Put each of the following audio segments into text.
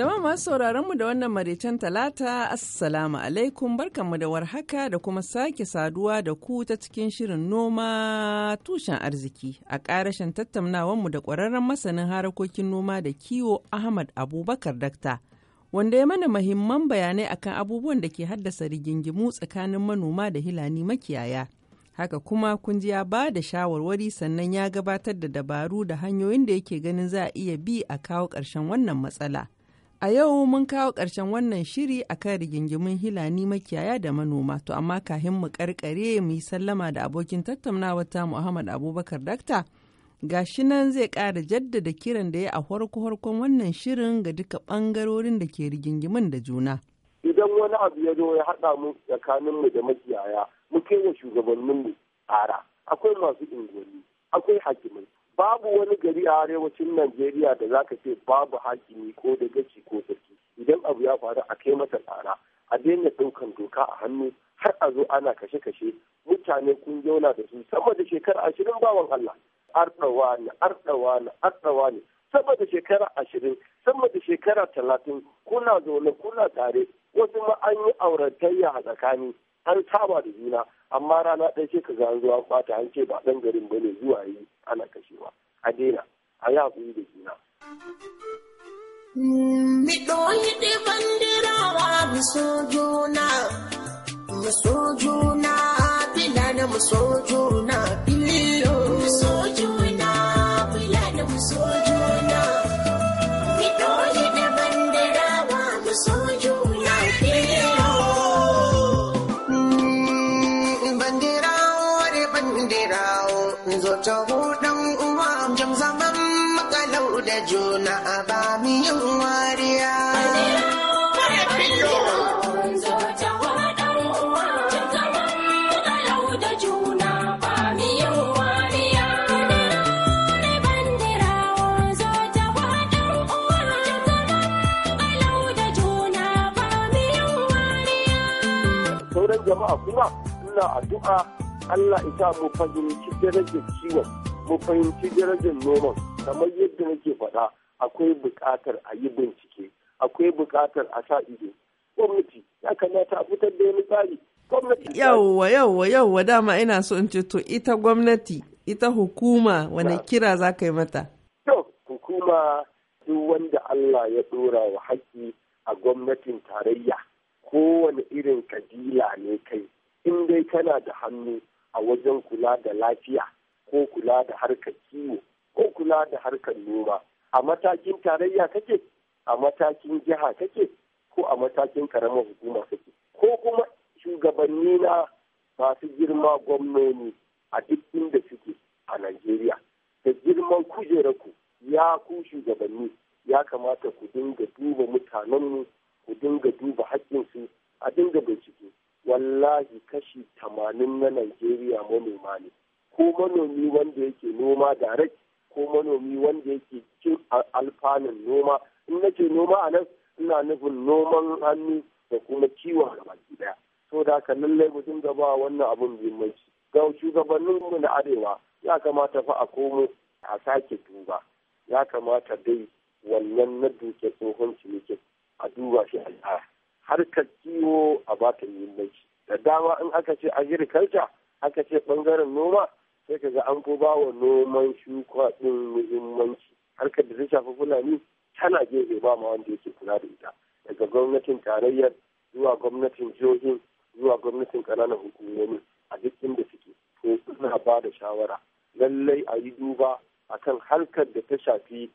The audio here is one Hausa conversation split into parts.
Jama'a masu sauraron mu da wannan maraicen talata assalamu alaikum barkanmu da warhaka da kuma sake saduwa da ku ta cikin shirin noma tushen arziki a tattaunawar mu da ƙwararren masanin harakokin noma da kiwo Ahmad Abubakar Dakta. Wanda ya mana mahimman bayanai akan abubuwan da ke haddasa rigingimu tsakanin manoma da hilani makiyaya. Haka kuma kun ji ya ba da shawarwari sannan ya gabatar da dabaru da hanyoyin da yake ganin za a iya bi a kawo ƙarshen wannan matsala. A yau mun kawo ƙarshen wannan shiri a akan rigingimin Hilani makiyaya da manoma, to amma kahin mu karkare mu yi sallama da abokin tattaunawa ta Muhammad Abubakar Dakta. Gashi nan zai ƙara jaddada kiran da ya a harko-harkon wannan shirin ga duka ɓangarorin da ke rigingimin da juna. Idan wani abu ya zo ya haɗa mu tsakanin mu da makiyaya, mu kai wa shugabanninmu ƙara. Akwai masu unguwanni, akwai hakimai, babu wani gari a arewacin najeriya da zaka ce babu hakimi ko da gaci ko sarki idan abu ya faru a kai masa tsara a daina ɗaukan doka a hannu har a zo ana kashe-kashe mutane kun zauna da su sama da shekara ashirin bawan allah arɗawa ne arɗawa ne arɗawa ne sama da shekara ashirin sama da shekara talatin kuna zaune kuna tare wasu ma an yi auratayya a tsakani an saba da juna amma rana ɗaya ce ka zuwa kwata an ce ba ɗan garin bane zuwa yi Mm, a yi da juna. Mi ɗoyi ɗi bandirawa mu so juna, mu so juna, bila da mu so juna, biliyo. bandirawa mu Bandirawo bandirawo, ta da juna a ba mi yin wariya. sauran jama'a kuma ina addu'a Allah isa mu fahimci darajar ciwon mu fahimci darajar noman kamar yadda nake faɗa akwai buƙatar a yi bincike akwai buƙatar a sa ido gwamnati ya kamata a fitar da wani tsari yawwa yawwa yawwa dama ina so in ce to ita gwamnati ita hukuma wani kira za ka yi mata to hukuma duk wanda Allah ya dora wa haƙƙi a gwamnatin tarayya kowane irin kabila ne kai in dai kana da hannu a wajen kula da lafiya ko kula da harkar kiwo kula da harkar noma a matakin tarayya kake a matakin jiha kake ko a matakin karamar hukuma kake ko kuma shugabanni na masu girma gwamnoni a duk inda suke a Najeriya da girman kujerarku ya ku shugabanni ya kamata ku dinga duba mutanenmu ku dinga duba haƙƙinsu a dinga bincike wallahi kashi tamanin na Najeriya manoma ne ko manomi wanda yake noma direct ko manomi wanda yake cin alfanun noma in nake noma a nan ina nufin noman hannu da kuma kiwon baki daya so da haka lallai mu dinga ba wannan abun muhimmanci ga shugabanninmu na arewa ya kamata fa a komo a sake duba ya kamata dai wannan na duke tsohon cinikin a duba shi a harkar kiwo a bata muhimmanci da dama in aka ce agriculture aka ce bangaren noma sai ka ga an ko ba wa noman shuka ɗin muhimmanci harkar da ta shafi fulani tana gefe ba ma wanda yake kula da ita daga gwamnatin tarayyar zuwa gwamnatin jihohin zuwa gwamnatin ƙananan hukumomi a duk inda suke to suna ba da shawara lallai a yi duba a kan harkar da ta shafi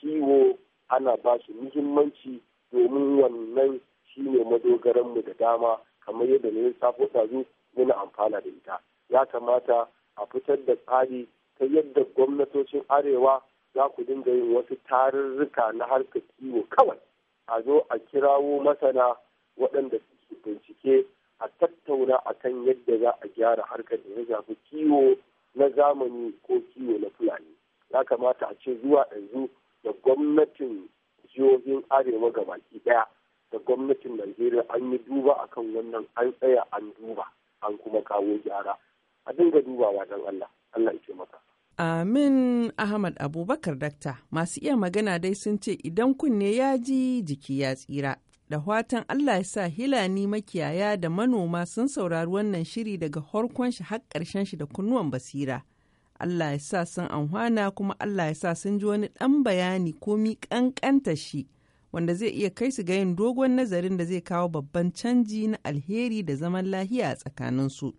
kiwo ana ba shi muhimmanci domin wannan shi ne madogaranmu da dama kamar yadda ne safo ɗazu muna amfana da ita ya kamata a fitar da tsari ta yadda gwamnatocin arewa za ku dinga yin wasu tarurruka na harkar kiwo kawai a zo a kirawo masana waɗanda suke bincike a tattauna a kan yadda za a gyara harkar da ya shafi kiwo na zamani ko kiwo na fulani ya kamata a ce zuwa yanzu da gwamnatin jihohin arewa ga baki ɗaya da gwamnatin najeriya an yi duba akan wannan an tsaya an duba an kuma kawo gyara a dinga dubawa don Allah Allah ya maka Amin Ahmad Abubakar Dakta masu iya magana dai sun ce idan kunne ya ji jiki ya tsira. Da watan Allah ya sa hilani makiyaya da manoma sun saurari wannan shiri daga harkon shi har ƙarshen shi da kunnuwan basira. Allah ya sa sun anhwana kuma Allah ya sa sun ji wani ɗan bayani komi ƙanƙanta shi wanda zai iya kai su ga yin dogon nazarin da zai kawo babban canji na alheri da zaman lahiya a tsakaninsu.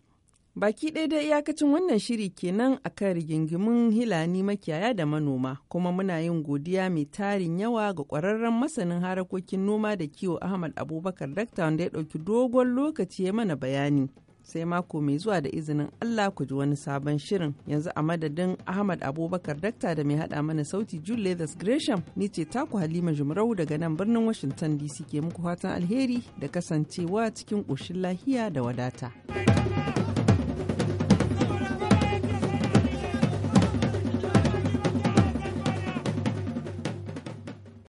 Baki ɗaya da iyakacin wannan shiri kenan a kan rigingimun hilani makiyaya da manoma, kuma muna yin godiya mai tarin yawa ga ƙwararren masanin harakokin noma da kiwo Ahmad Abubakar Dakta wanda ya ɗauki dogon lokaci ya mana bayani. Sai mako mai zuwa da izinin Allah ku ji wani sabon shirin yanzu a madadin Ahmad Abubakar Dakta da mai haɗa mana sauti Jude Leathers Gresham ni ce taku Halima Jumrau daga nan birnin Washington DC ke muku fatan alheri da kasancewa cikin ƙoshin lahiya da wadata.